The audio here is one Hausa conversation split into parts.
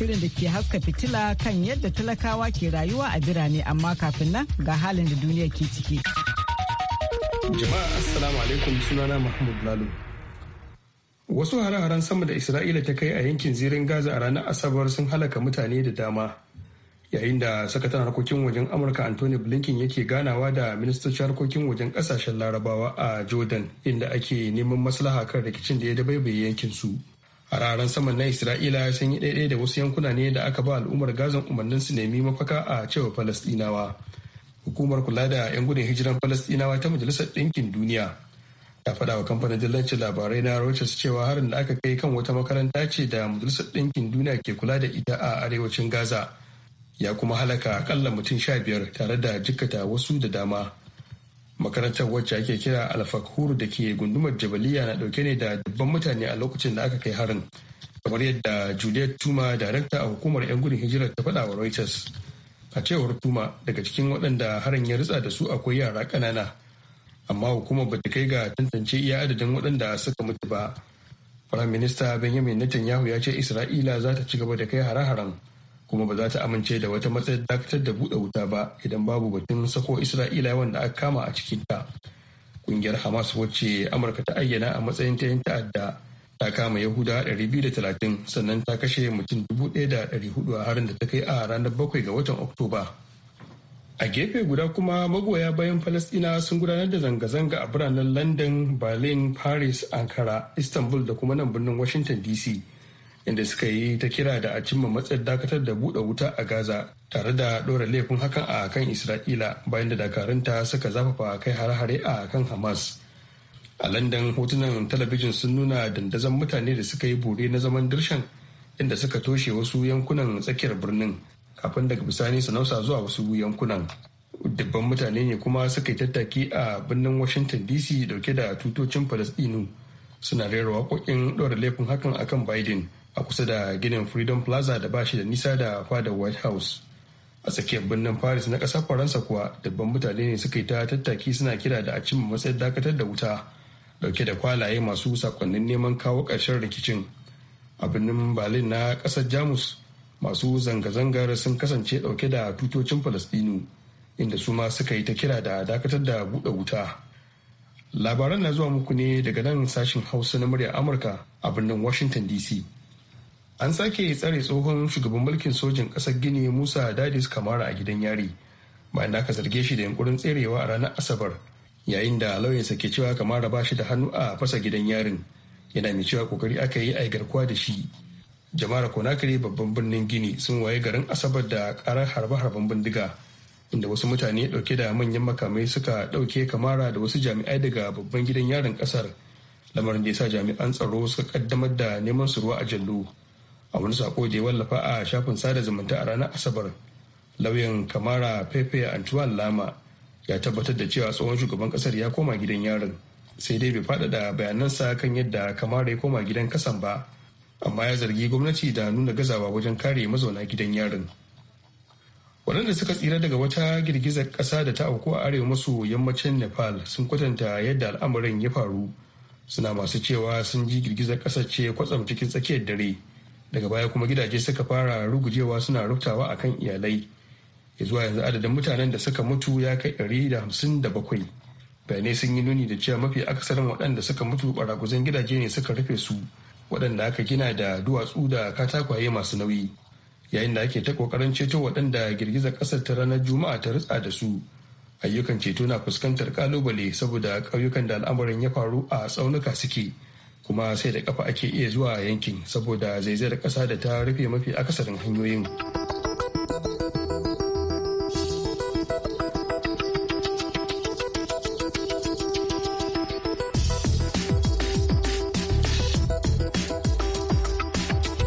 shirin da ke haska fitila kan yadda talakawa ke rayuwa a birane amma kafin nan ga halin da duniya ke ciki. Jama'a Assalamu alaikum sunana Mahmud Lalo. Wasu hare-haren sama da Isra'ila ta kai a yankin zirin Gaza a ranar Asabar sun halaka mutane da dama. Yayin da sakataren harkokin wajen Amurka Anthony Blinken yake ganawa da ministocin harkokin wajen kasashen Larabawa a Jordan inda ake neman maslaha kan rikicin da ya dabaibaye yankin su. hararen saman na isra'ila sun yi daidai da wasu yankuna ne da aka ba al'ummar gazan umarnin su nemi mafaka a cewa falastinawa hukumar kula da 'yan gudun hijiran falastinawa ta majalisar ɗinkin duniya ta faɗa wa kamfanin dillancin labarai na reuters cewa harin da aka kai kan wata makaranta ce da majalisar ɗinkin duniya ke kula da ita a arewacin gaza ya kuma halaka akalla mutum sha biyar tare da jikkata wasu da dama makarantar wacce ake kira alfakuru da ke gundumar jabaliya na dauke ne da dubban mutane a lokacin da aka kai harin kamar yadda juliet tuma darakta a hukumar 'yan gudun hijirar ta faɗa wa reuters a cewar tuma daga cikin waɗanda harin ya ritsa da su akwai yara ƙanana amma hukumar bata kai ga tantance iya adadin waɗanda suka mutu ba Firaminista Benjamin Netanyahu ya ce Isra'ila za ta ci gaba da kai hare-haren kuma ba za ta amince da wata matsayin dakatar da buɗe wuta ba idan babu batun sako isra'ila wanda aka kama a cikinta ƙungiyar hamas wacce amurka ta ayyana a matsayin ta ta'adda ta kama yahuda 230 sannan ta kashe mutum 1,400 a harin da ta kai a ranar 7 ga watan oktoba a gefe guda kuma magoya bayan falastina sun gudanar da zanga-zanga a biranen london berlin paris ankara istanbul da kuma nan birnin washington dc inda suka yi ta kira da a cimma matsayin dakatar da buɗe wuta a Gaza tare da ɗora laifin hakan a kan Isra'ila bayan da dakarunta suka zafafa kai hare-hare a kan Hamas. A landan hotunan talabijin sun nuna dandazon mutane da suka yi bore na zaman dirshan inda suka toshe wasu yankunan tsakiyar birnin kafin daga bisani sanausa zuwa wasu yankunan. Dubban mutane ne kuma suka yi tattaki a birnin Washington DC dauke da tutocin palestinu. suna rera waƙoƙin ɗora laifin hakan akan Biden. a kusa da ginin freedom plaza da ba shi da nisa da fadar white house a tsakiyar birnin paris na ƙasar faransa kuwa dabban mutane ne suka yi ta tattaki suna kira da a cimma matsayin dakatar da wuta dauke da kwalaye masu sakonnin neman kawo ƙarshen rikicin a birnin berlin na ƙasar jamus masu zanga-zangar sun kasance dauke da tutocin falastinu inda su ma suka yi ta kira da dakatar da buɗe wuta labaran na zuwa muku ne daga nan sashin hausa na murya amurka a birnin washington dc an sake tsare tsohon shugaban mulkin sojin ƙasar gini musa dadis kamara a gidan yari bayan da aka zarge shi da yankurin tserewa a ranar asabar yayin da lauyansa ke cewa kamara ba shi da hannu a fasa gidan yarin yana mai cewa kokari aka yi a garkuwa da shi jama'ar konakiri babban birnin gini sun waye garin asabar da karar harbe-harben bindiga inda wasu mutane dauke da manyan makamai suka dauke kamara da wasu jami'ai daga babban gidan yarin kasar lamarin da ya sa jami'an tsaro suka kaddamar da neman su ruwa a jallo a wani sako da ya wallafa a shafin sada zumunta a ranar asabar lauyan kamara pepe antoine lama ya tabbatar da cewa tsohon shugaban kasar ya koma gidan yarin sai dai bai faɗaɗa bayanansa kan yadda kamara ya koma gidan kasan ba amma ya zargi gwamnati da nuna gazawa wajen kare mazauna gidan yarin waɗanda suka tsira daga wata girgizar ƙasa da ta auku a arewa maso yammacin nepal sun kwatanta yadda al'amarin ya faru suna masu cewa sun ji girgizar ƙasa ce kwatsam cikin tsakiyar dare daga baya kuma gidaje suka fara rugujewa suna rubtawa akan iyalai ya zuwa yanzu adadin mutanen da suka mutu ya kai ɗari da hamsin da bakwai bayanai sun yi nuni da cewa mafi akasarin waɗanda suka mutu ɓaraguzan gidaje ne suka rufe su waɗanda aka gina da duwatsu da katakwaye masu nauyi yayin da ake ta kokarin ceto waɗanda girgizar ƙasar ta ranar juma'a ta rutsa da su ayyukan ceto na fuskantar kalubale saboda ƙauyukan da al'amarin ya faru a tsaunuka suke kuma sai da kafa ake iya zuwa yankin saboda zaizayar ƙasa da ta rufe mafi akasarin hanyoyin.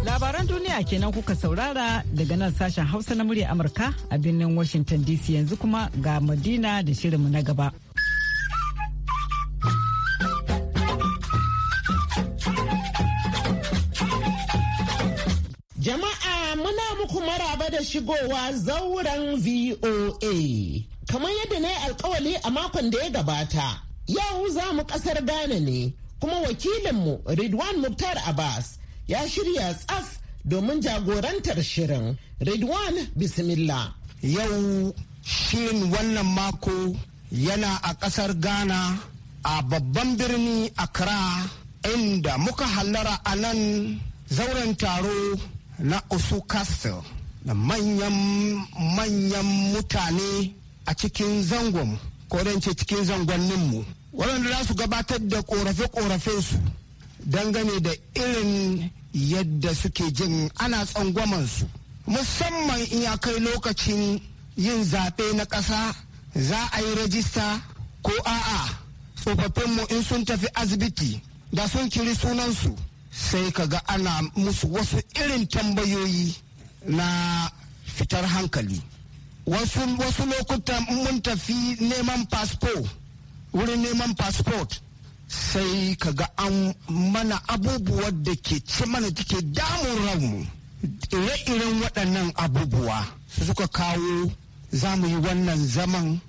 labaran duniya kenan kuka saurara daga nan sashen hausa na murya amurka a birnin washington dc yanzu kuma ga madina da shirinmu na gaba shigowa zauren VOA. Kamar yadda na yi alkawali a makon da ya gabata, yau za mu kasar Ghana ne, kuma wakilinmu Ridwan Muktar Abbas ya shirya tsaf domin jagorantar shirin. Ridwan Bismillah. Yau shirin wannan mako yana a kasar Ghana a babban birni Accra inda muka hallara a nan zauren taro na Osu Castle. da manyan mutane a cikin zangon ko ce cikin zangonninmu waɗanda za su gabatar da ƙorafe-ƙorafe su dangane da irin yadda suke jin ana su musamman in ya kai lokacin yin zaɓe na ƙasa za a yi rajista ko a'a tsofaffinmu in sun tafi asibiti da sun kiri sunansu sai ka ga ana musu wasu irin tambayoyi na fitar hankali wasu wasu lokuta mun tafi neman fasfo wurin neman fasfot sai ka ga an mana abubuwa da ke ci mana take damun ranmu ire-iren waɗannan abubuwa suka kawo za mu yi wannan zaman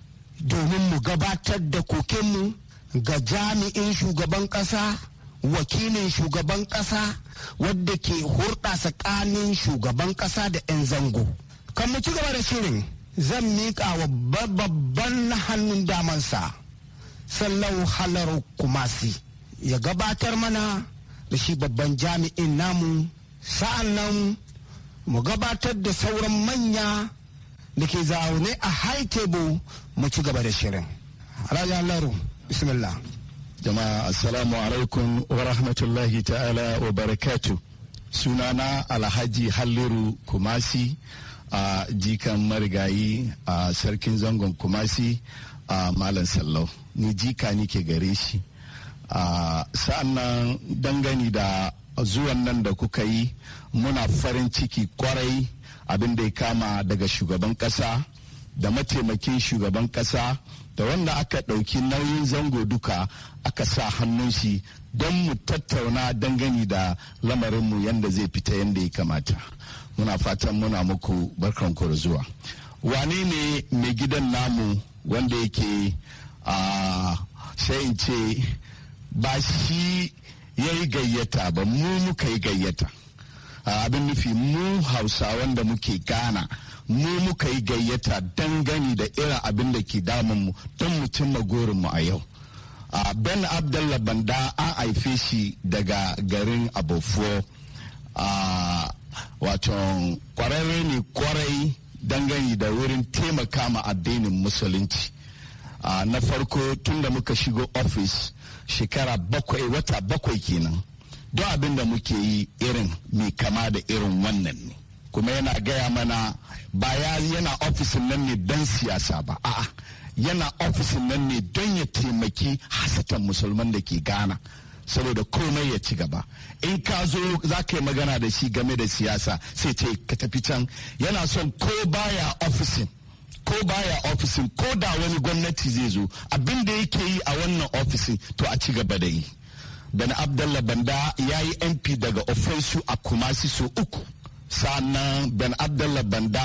domin mu gabatar da kokenmu ga jami'in shugaban ƙasa wakilin shugaban ƙasa wadda ke hurɗa tsakanin shugaban ƙasa da 'yan zango. Kan mu ci gaba da shirin zan miƙa wa babban hannun damansa sallau halar kumasi ya gabatar mana da shi babban jami'in namu sa'an nan mu gabatar da sauran manya da ke zaune a high table mu ci gaba da shirin. Rajan Laro, Bismillah. jama'a assalamu alaikum wa rahmatullahi ta'ala wa barakatu sunana alhaji halliru kumasi a jikan marigayi a sarkin zangon kumasi a malam sallau ni jika ni ke gare shi sa'an nan dangane da zuwan nan da kuka yi muna farin ciki kwarai abin da ya kama daga shugaban kasa da mataimakin shugaban kasa da wanda aka ɗauki nauyin zango duka aka sa hannun shi don mu tattauna dangane da lamarinmu yadda zai fita yadda ya kamata muna fatan muna muku barkan da zuwa wane ne mai gidan namu wanda yake a sayin ce ba shi ya yi gayyata ba mu muka yi gayyata abin nufi mu hausa wanda muke gana mu muka yi gayyata dangane da irin abin da ke damun mu don mu cimma mu a yau A ben abdullah banda an haife shi daga garin abofuwa a wato kwararre ne kwarai dangane da wurin taimaka ma addinin musulunci na farko tun da muka shigo ofis shekara bakwai wata bakwai kenan don abin da muke yi irin mai kama da irin wannan ne kuma yana gaya mana ba ya yana ofisin nan ne don siyasa ba a'a yana ofisin nan ne don ya taimaki hasatan musulman da ke gana saboda komai ya ci gaba in ka zo za ka yi magana da shi game da siyasa sai ce ka tafi can yana son ko baya ofisin ko baya ofisin ko da wani gwamnati zai zo abin da yake yi a wannan ofisin to a ci gaba da yi bani abdallah banda ya yi mp daga ofensu a kumasi so uku sannan ben abdullah banda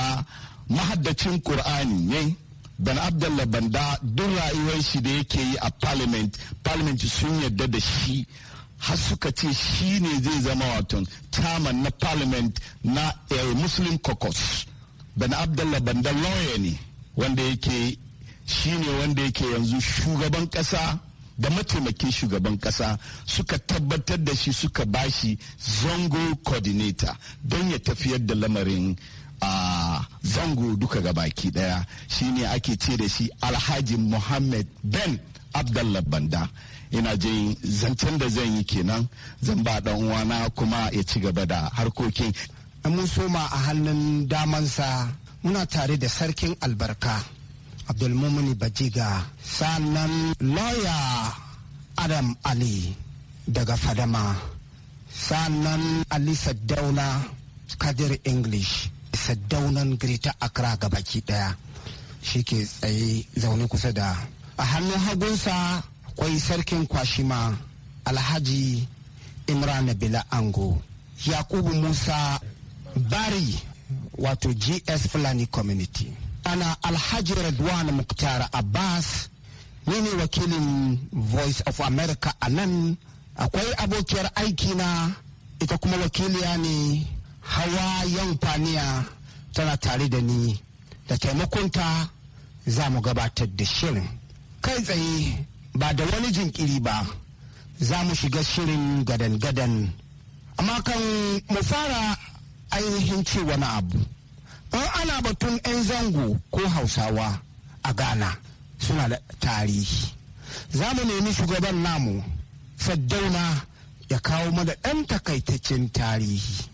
mahaddacin qur'ani ne ben abdullah banda duk rayuwar shi da yake yi a parliament parliament sun yarda da shi har suka ce shi ne zai zama wato chairman na parliament na eh, muslim caucus ben abdullah banda lawyer ne wanda yake shi ne wanda yake yanzu shugaban kasa da mataimakin shugaban kasa suka tabbatar da shi suka bashi zango coordinator don ya tafiyar da lamarin a zango duka ga baki daya shine ake ce da shi alhaji muhammad ben abdallah banda ina jin zancen da zan yi kenan zan ba dan uwana kuma ya ci gaba da harkokin mun soma a hannun damansa muna tare da sarkin albarka abdulmumini bajiga sannan lawyer adam ali daga fadama sannan ali saddauna kadir english saddaunan greater accra baki daya shi ke tsaye zaune kusa da a hannun hagunsa Kwai sarkin kwashima alhaji imran bila ango yakubu musa bari wato gs fulani community Ana Alhaji Redwan Muktar Abbas ni ne wakilin Voice of America a nan akwai abokiyar aiki na ita kuma wakiliya ne hawa yan faniya tana tare da ni da taimakonta za mu gabatar da shirin kai tsaye ba da wani jinkiri ba za mu shiga shirin gadan-gadan amma kan mu fara ainihin ce wani abu in ana batun 'yan zango ko hausawa a ghana suna da tarihi za mu nemi shugaban namu saddauna ya kawo mana ɗan takaitaccen tarihi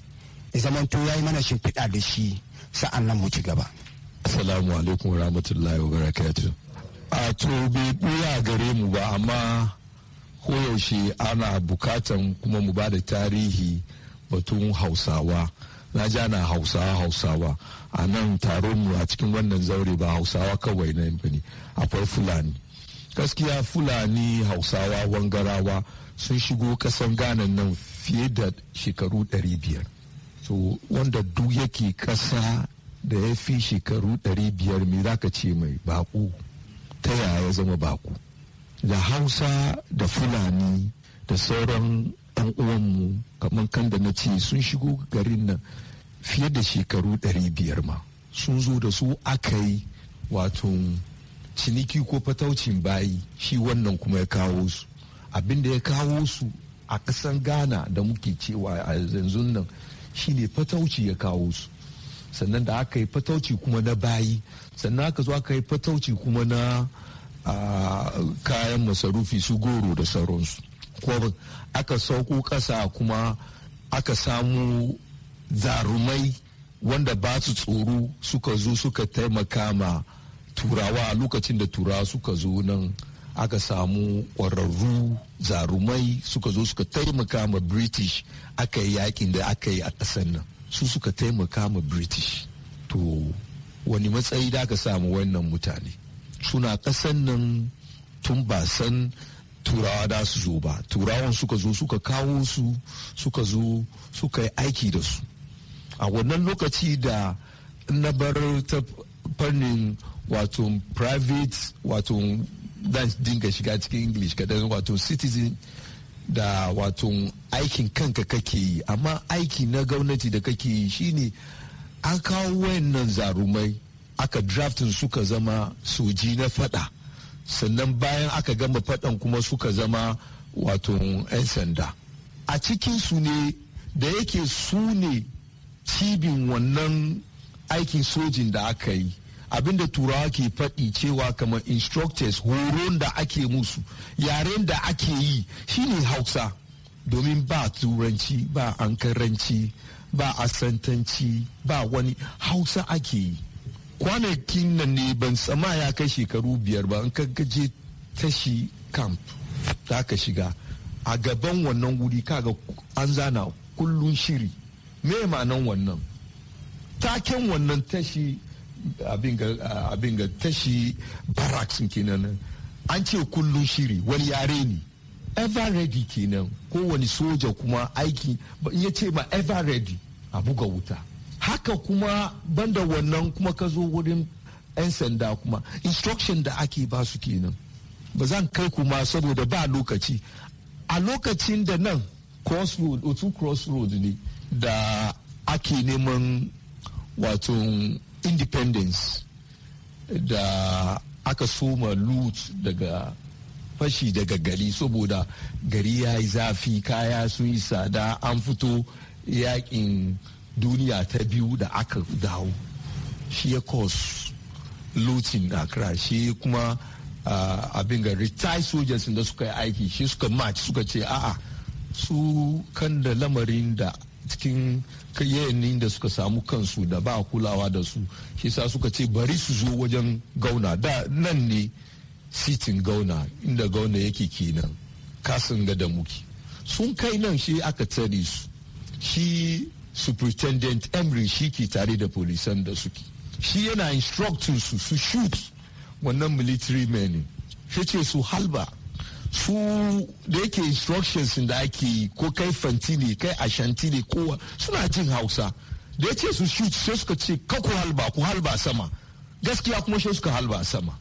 ya zamanto ya yi mana shimfiɗa da shi sa'an nan mu ci gaba assalamu alaikum wa rahmatullahi wa barakatu a to bai ɓuya gare mu ba amma koyaushe ana bukatan kuma mu ba da tarihi batun hausawa na ja na hausawa hausawa a nan taron mu a cikin wannan zaure ba hausawa kawai na bane akwai fulani gaskiya fulani hausawa wangarawa sun shigo kasan ghana nan fiye da shekaru 500 so wanda duk yake kasa da ya fi shekaru 500 me zaka ce mai baku ta yaya zama baku da hausa da fulani da sauran 'yan uwanmu kamar kan da na ce sun shigo garin nan fiye da shekaru 500 ma sun zo da su aka yi wato ciniki ko fataucin bayi shi wannan kuma ya kawo su abinda ya kawo su a ƙasan ghana da muke cewa a yanzu nan shine fatauci ya kawo su sannan da aka yi fatauci kuma na bayi sannan aka zo aka yi fatauci kuma na kayan masarufi su goro da sauransu kuma aka sauko ƙasa kuma aka samu zarumai wanda ba su tsoro suka zo suka taimaka ma turawa lokacin da turawa suka zo nan aka samu ƙwararru zarumai suka zo suka taimaka ma british aka yi yakin da aka yi a ƙasar nan su suka taimaka ma british to wani matsayi da aka samu wannan mutane suna ƙasar nan tun ba san turawa da su zo ba turawan suka zo suka kawo su suka zo suka yi aiki da su a wannan lokaci da na bar ta fannin wato private wato dan dinga shiga cikin english kadan wato citizen da wato aikin kanka kake yi amma aiki na gwamnati da kake yi shine an kawo wayannan zarumai aka draftin suka zama soji na fada sannan bayan aka gama fadan kuma suka zama wato 'yan sanda a cikin su ne da yake su ne cibin wannan aikin sojin da aka yi abinda turawa ke faɗi cewa kamar instructors horon da ake musu yaren da ake yi shine hausa domin ba turanci ba ankaranci ba asantanci ba wani hausa ake yi kwanakin nan ne ban sama ya kai shekaru biyar ba an ka tashi camp za ka shiga a gaban wannan wuri kaga an zana kullun shiri me ma'anan wannan taken wannan tashi abin ga tashi barracks kenan an ce kullum shiri wani yare ne ever ready kenan kowane soja kuma aiki in ya ce ma ever ready a buga wuta haka kuma banda wannan kuma ka zo wurin 'yan sanda kuma instruction da ake ba su kenan ba zan kai kuma saboda ba lokaci a lokacin da nan crossroad otu crossroad ne da ake neman wato independence da aka soma loot daga fashi daga gari saboda gari ya yi zafi kaya sun yi tsada an fito yakin duniya ta biyu da aka dawo shi ya cause looting kira shi kuma abin ga retired soldiers da suka yi aiki shi suka match suka ce a'a su kan da lamarin da cikin yayin da suka samu kansu da ba kulawa da su shi sa suka ce bari su zo wajen gauna da nan ne sitin gauna inda gauna yake kenan kasin ga da muke sun kai nan shi aka tare su shi superintendent Emery shi ke tare da polisan da suke shi yana instructing su su shoot wannan military men shi ce su halba su da yake instructions da ake yi ko kai fanti kai a kowa suna jin hausa da yake su shoot sai suka ce ka ku halba ku halba sama gaskiya kuma sai suka halba sama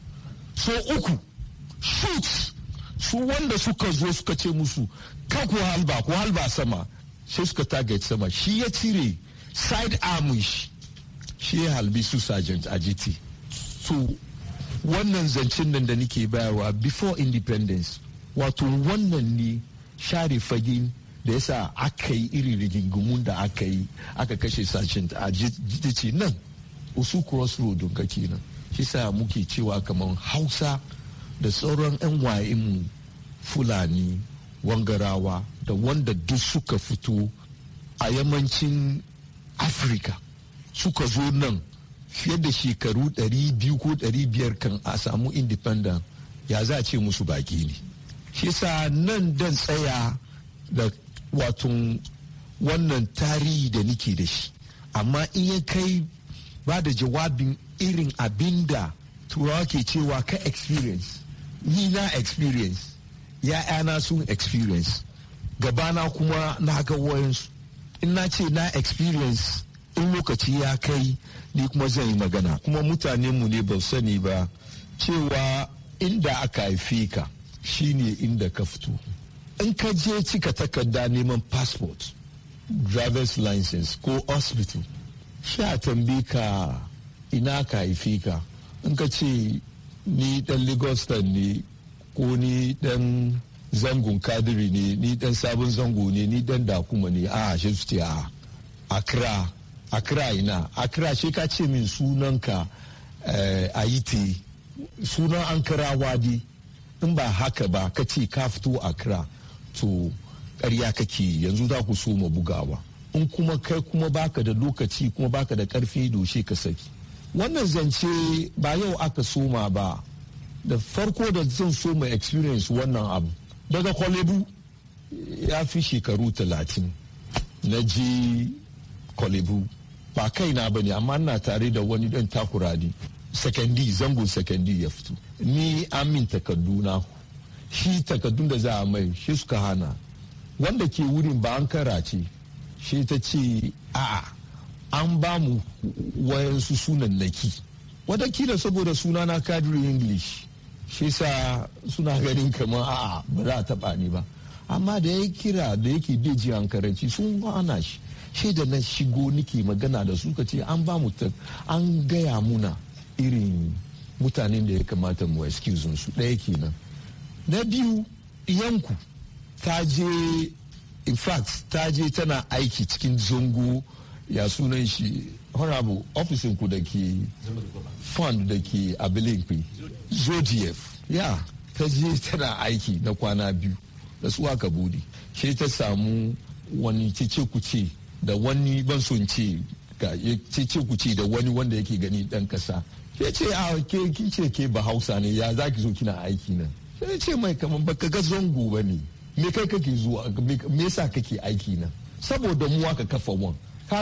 so uku shoot su wanda suka zo suka ce musu ka ku halba ku halba sama sai suka target sama shi ya cire side arm shi shi ya halbi su sergeant ajiti so wannan zancen nan da nake bayarwa before independence wato wannan ne share fagen da ya sa aka yi irin rigingimun da aka yi aka kashe sashen a jidici nan usu crossroad ka kenan shi sa muke cewa kamar hausa da sauran 'yan mu fulani wangarawa da wanda duk suka fito a yammacin afirka suka zo nan fiye da shekaru 200 ko 500 kan a samu independent ya za a ce musu baki ne shi sa nan dan tsaya da watan wannan tarihi da nike da shi amma in ya kai ba da jawabin irin abinda turawa ke cewa ka experience ni na experience ya'yana sun experience gabana kuma na ga wayansu in na ce na experience in lokaci ya kai ni kuma zan yi magana kuma mutanenmu ne ba sani ba cewa inda aka haife ka shine inda ka fito in ka je cika takarda neman passport driver's license ko hospital sha tambi ka ina ka haifi ka in ka ce ni dan lagos ne ko ni dan zangon kadiri ne ni dan sabon zango ne ni dan dakuma ne a shi su ce a akra akra ina akra shi ka ce min sunanka yi eh, ayite sunan ankara wadi in ba haka ba ka ce ka fito a kira to karya kake yanzu za ku so ma bugawa in kuma kai kuma baka da lokaci kuma baka da karfi doshe ka saki wannan zance ba yau aka soma ba da farko da zan so ma experience wannan abu daga kwalebu ya fi shekaru talatin na ji kwalebu ba na ba ne amma ina tare da wani dan takurani sakandi zango sakandi ya fito ni amin takarduna shi takardun da za a mai shi suka hana wanda ke wurin ba an ce shi ta ce a'a an ba mu wayansu sunannaki watakila saboda suna na kadiri english shi sa suna ganin kamar a'a ba za a taba ni ba amma da ya kira da yake beji an karanci sun hana shi shi da na shigo nike magana da su ka ce an ba mu an gaya muna irin mutanen da ya kamata mu excuse su ɗaya kenan na biyu yanku ta je in fact ta je tana aiki cikin zongo ya sunan shi honorable ofisin ku da ke fund da ke kai zodiac ya ta je tana aiki na kwana biyu da suwa kaburi. bude ke ta samu wani cece kuce da wani ban son ce ga cece kuce da wani wanda yake gani dan kasa sai ce a ah, ke kice ke ba hausa ne ya zaki zo kina aiki nan sai ce mai kamar baka ga zango ba ne me kai kake zuwa me yasa kake aiki nan saboda mu aka kafa wan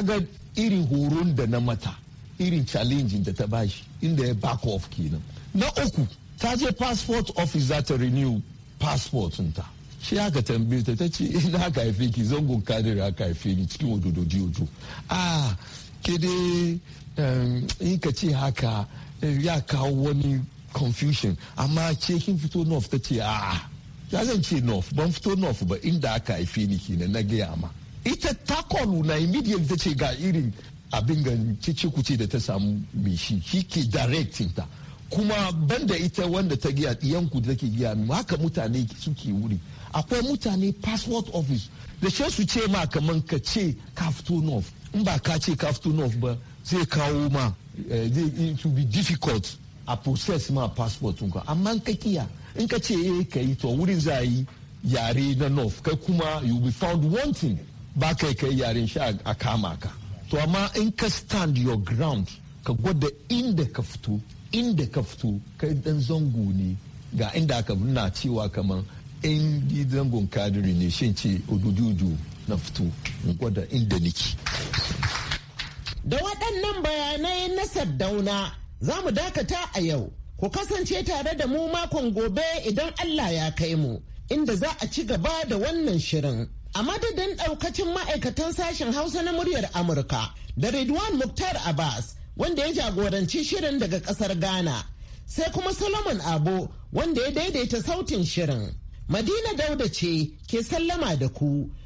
ga irin horon da na mata irin challenge da ta bashi inda ya back off kenan na uku ta je passport office za ta renew passport ta shi aka tambaye ta ta ce ina ka haife ki zangon kadiri aka haife ni cikin jiyo ojo ah ke dai in ka ce haka ya kawo wani confusion amma ce kin fito north ta ce a'a ya zan ce north ban fito north ba inda aka haife ni kenan na gaya ma ita ta kwalu na immediate ta ce ga irin abin ga kuce da ta samu mai shi shi ke directing ta kuma banda ita wanda ta giya yanku da take giya haka mutane suke wuri akwai mutane passport office da shi su ce ma kaman ka ce ka fito north in ba ka ce ka fito north ba zai kawo ma eh, zai to be difficult a process ma passport ɗinka amma in ka kiya in ka ce eh ka yi to wurin za yi yare na north kai kuma you be found wanting ba kai kai yaren sha a kama ka to amma in ka stand your ground ka gwada inda ka fito inda ka fito kai dan zango ne ga inda ka nuna cewa kamar in zangon kadiri ne shi ce ududu na fito gwada inda niki. Da waɗannan bayanai na Saddauna za mu dakata a yau. Ku kasance tare da mu makon gobe idan Allah ya kai mu, inda za a ci gaba da wannan shirin. A madadin ɗaukacin ma'aikatan sashen Hausa na muryar Amurka da Ridwan Muktar Abbas wanda ya jagoranci shirin daga ƙasar Ghana, sai kuma Solomon Abo wanda ya daidaita sautin shirin. Madina Dauda ce ke sallama da ku.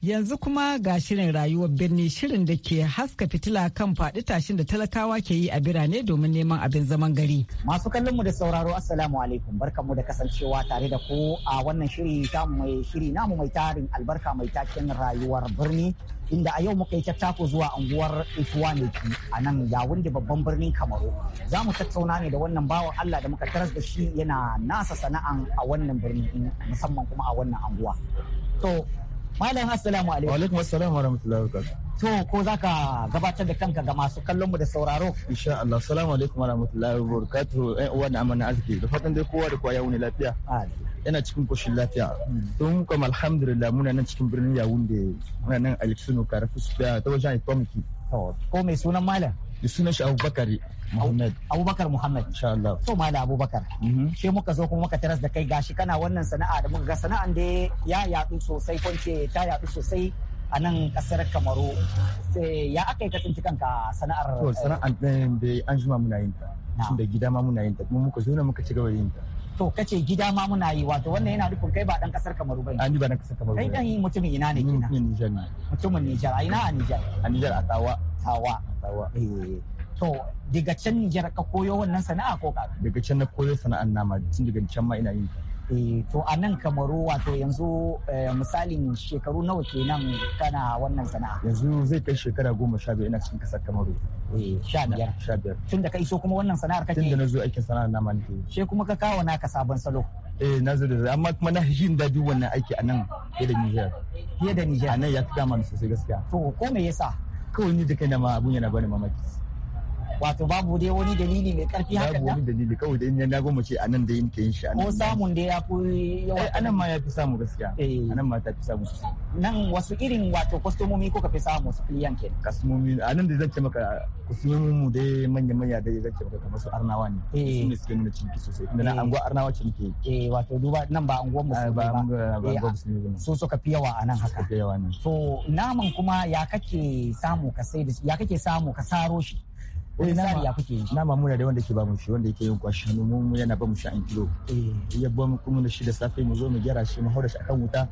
Yanzu kuma ga shirin rayuwar birni shirin da ke haska fitila kan faɗi tashin da talakawa ke yi a birane domin neman abin zaman gari. Masu kallon mu da sauraro Assalamu alaikum barkamu da kasancewa tare da ku a wannan shiri mai shiri namu mai tarin albarka mai taken rayuwar birni inda a yau muka yi tattako zuwa unguwar Ifuwaneki a nan yawun da babban birnin Kamaru. Za mu tattauna ne da wannan bawan Allah da muka taras da shi yana nasa sana'an a wannan birni musamman kuma a wannan anguwa. To Malam assalamu alaikum. Wa alaikum assalam wa rahmatullahi wa To ko za ka gabatar da kanka ga masu kallon mu da sauraro? Insha Allah. Assalamu alaikum wa rahmatullahi wa barakatuh. Ɗan eh, uwa da amana arziki. Da fatan dai kowa da kowa ya wuni lafiya. Yana cikin koshin lafiya. Hmm. Don ko alhamdulillah muna nan cikin birnin Yawunde. Muna nan Alexino Karafi Square ta wajen Ikomiki. Ko mai sunan malam? da sunan shi abubakar muhammad abubakar muhammad insha Allah to mala abubakar mhm. shi muka zo kuma muka taras da kai gashi kana wannan sana'a da muka ga sana'an da ya yadu sosai kwance ta yadu sosai a nan kasar kamaru eh, ya aka yi katin kanka sana'ar to sana'an da an jima muna yin ta da gida ma muna yin ta kuma muka zo na muka ci gaba yin ta to kace gida ma muna yi wato wannan yana nufin kai ba dan kasar Kamaru bane ni ba dan kasar Kamaru kai dan mutumin ina ne kina mutumin Niger ne mutumin Niger a ina a Niger a Niger a Tawa Tawa Tawa eh to daga can Niger ka koyo wannan sana'a ko ka daga can na koyo sana'an nama tun daga can ma ina yin ta Eh, to a nan kamaru wato yanzu eh, misalin shekaru nawa kenan kana wannan sana'a yanzu zai kai shekara goma sha biyar ina cikin kasar kamaru eh, sha biyar sha biyar tun da ka iso kuma wannan sana'ar kake tun da na zo aikin sana'ar na ma she kuma ka kawo naka sabon salo eh na zo da amma kuma na jin daji wannan aiki a nan fiye da Nijar fiye da Nijar a nan ya fi dama sosai gaskiya to ko me yasa kawai ni da kai na ma abun yana bani mamaki wato babu dai wani dalili mai karfi haka babu wani dalili kawai da in ya mace a nan da yake yin shi ko samun da ya fi yawa eh, nan ma ya fi samu gaskiya eh. A nan ma ta fi samu nan wasu irin wato kwastomomi ko ka fi samu su kiliyan ke kwastomomi nan da zan ce maka kwastomomin mu dai manya manya da zan ce maka kamar su arnawa ne su eh. ne suke nuna ciniki sosai inda na anguwa arnawa ciniki eh wato duba nan ba ah, anguwa musulmi ba su suka fi yawa nan haka so naman kuma ya kake samu ka sai ya kake samu ka saro shi na nama ya kuke yi nama muna da wanda ke ba mu shi wanda yake yin kwashi hannu mu yana ba mu shi an kilo eh. ya ba mu kuma da shi da safe mu zo mu gyara shi mu haura shi akan wuta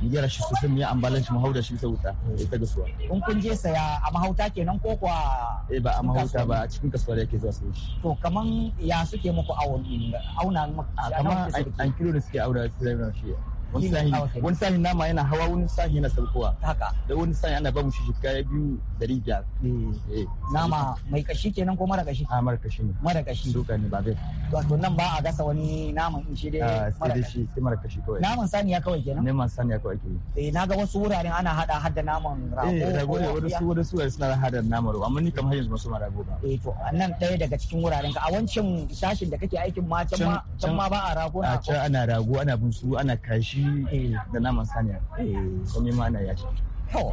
mu gyara shi sosai mu yi ambalan shi mu haura shi ta wuta ya eh. ta gasuwa in kun je saya a mahauta kenan ko kuwa eh ba a mahauta ba a cikin kasuwar yake zuwa sai shi to kaman ya suke muku auna a kaman an kilo da suke auna sai shi wani sahin wani nama yana hawa wani sahin yana saukowa haka da wani sahin ana bamu shi ya biyu dari biyar mm. eh, nama mai kashi kenan ko mara kashi a mara kashi ne mara kashi suka ne ba bai wato nan ba a gasa wani naman in shi dai ah, mara kashi kawai naman saniya kawai kenan naman saniya kawai kenan eh naga wasu wuraren ana hada hadda naman rago eh su wani su suna hada naman rago amma ni kam har yanzu ba su mara rago ba eh to nan ɗaya daga cikin wuraren ka a wancan sashin da kake aikin ma can ma ba a rago na a can ana rago ana bunsu ana kashi Eh, da naman saniya eh, komai ma ana yaji to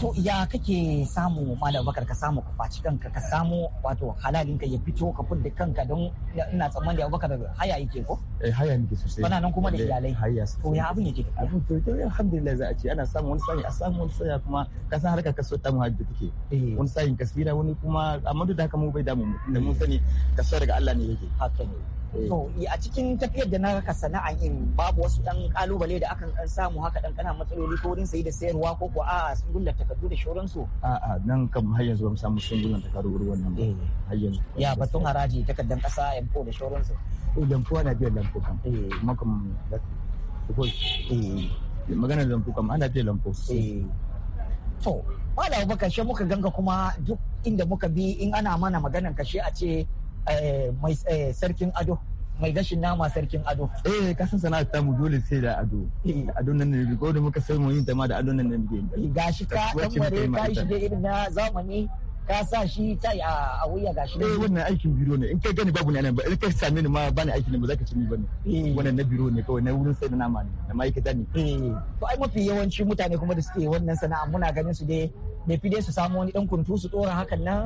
to ya kake samu malam bakar ka samu ka faci kanka ka samu wato halalin ka ya fito ka fudda kanka don ina tsammani da bakar haya yake ko eh haya ke sosai bana nan kuma da iyalai haya to ya abin yake abin to to alhamdulillah za a ce ana samu wani sani a samu wani sani kuma ka san harkar kaso ta muhajji take eh. wani sani kasira wani kuma amma duk da haka mu bai damu mu da mun sani kasuwa daga Allah ne yake haka ne To a cikin tafiyar da na raka sana'an in babu wasu ɗan kalubale da akan ɗan samu haka ɗan ƙana matsaloli ko wurin sayi da sayarwa ko ko a'a sun gunda takardu da shauransu. A'a nan kam har yanzu ba samu sun gunda takardu wannan ba. Eh. Har yanzu. Ya batun haraji takardan kasa ƙasa yanko da shauransu. Eh lamfuwa na biyan lamfu kam. Eh kuma kam eh. magana lamfu kam ana biyan lamfu. Eh. To, Malam Abubakar shi muka ganga kuma duk inda muka bi in ana mana maganan kashe a ce Eh, eh, sarkin ado mai gashin nama sarkin ado. Eh kasan sana'ar tamu dole sai da ado. Eh. Ado nan ne ko da muka sai mu yin ta ma da ado nan ne muke. Gashi ka dan mare ka shi da irin na zamani ka sa shi ta a wuya gashi. Eh wannan aikin biro ne in kai gani babu ne nan ba in kai same ni ma ba ni aikin ne ba za ka ci ni ba ne. Wannan na biro ne kawai na wurin sai da nama ne na ma'aikata ne. Eh to ai mafi yawanci mutane kuma da suke wannan sana'a muna ganin su dai bai fide su samu wani dan kuntu su dora hakan nan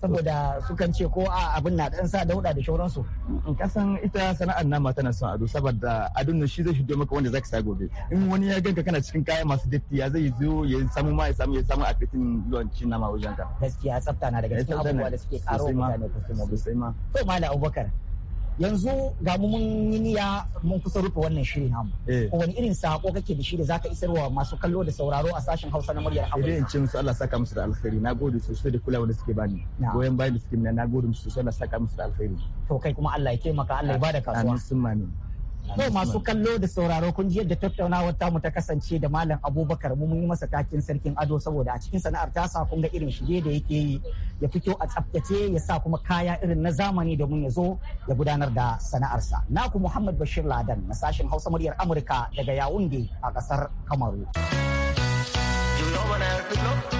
saboda sukan ce ko a abin na dan sa dauda da shauransu in kasan ita sana'ar nama tana son ado saboda adon nan shi zai shigo maka wanda zaka sa gobe in wani ya ganka kana cikin kaya masu datti ya zai zo ya samu ma ya samu ya samu apetin zuwan cin nama wajen ka gaskiya tsafta na daga eh, cikin abubuwa da suke karo mutane kusumobi sai ma to mallam abubakar yanzu ga mu mun yi niyya mun kusa rufe wannan shiri namu ko eh. wani irin sako kake da shi da zaka isarwa masu kallo da sauraro a sashen Hausa na muryar Amurka idan cin musu Allah saka musu da alkhairi nagode sosai da kulawa da suke bani goyen bayan da suke mina nagode musu sosai Allah saka musu da alkhairi to kai kuma Allah ya taimaka Allah ya bada kasuwa amin sun ko masu kallo da sauraro kun ji yadda tattaunawar tamu ta kasance da Malam Abubakar mu mun yi masa takin sarkin ado saboda a cikin sana'ar tasa kun ga irin shige da yake yi ya fito a tsaftace ya sa kuma kaya irin na zamani da mun ya zo ya gudanar da sana'arsa. Naku Muhammad Bashir Ladan na sashen Hausa muryar Amurka daga yawunge a kasar Kamaru. You know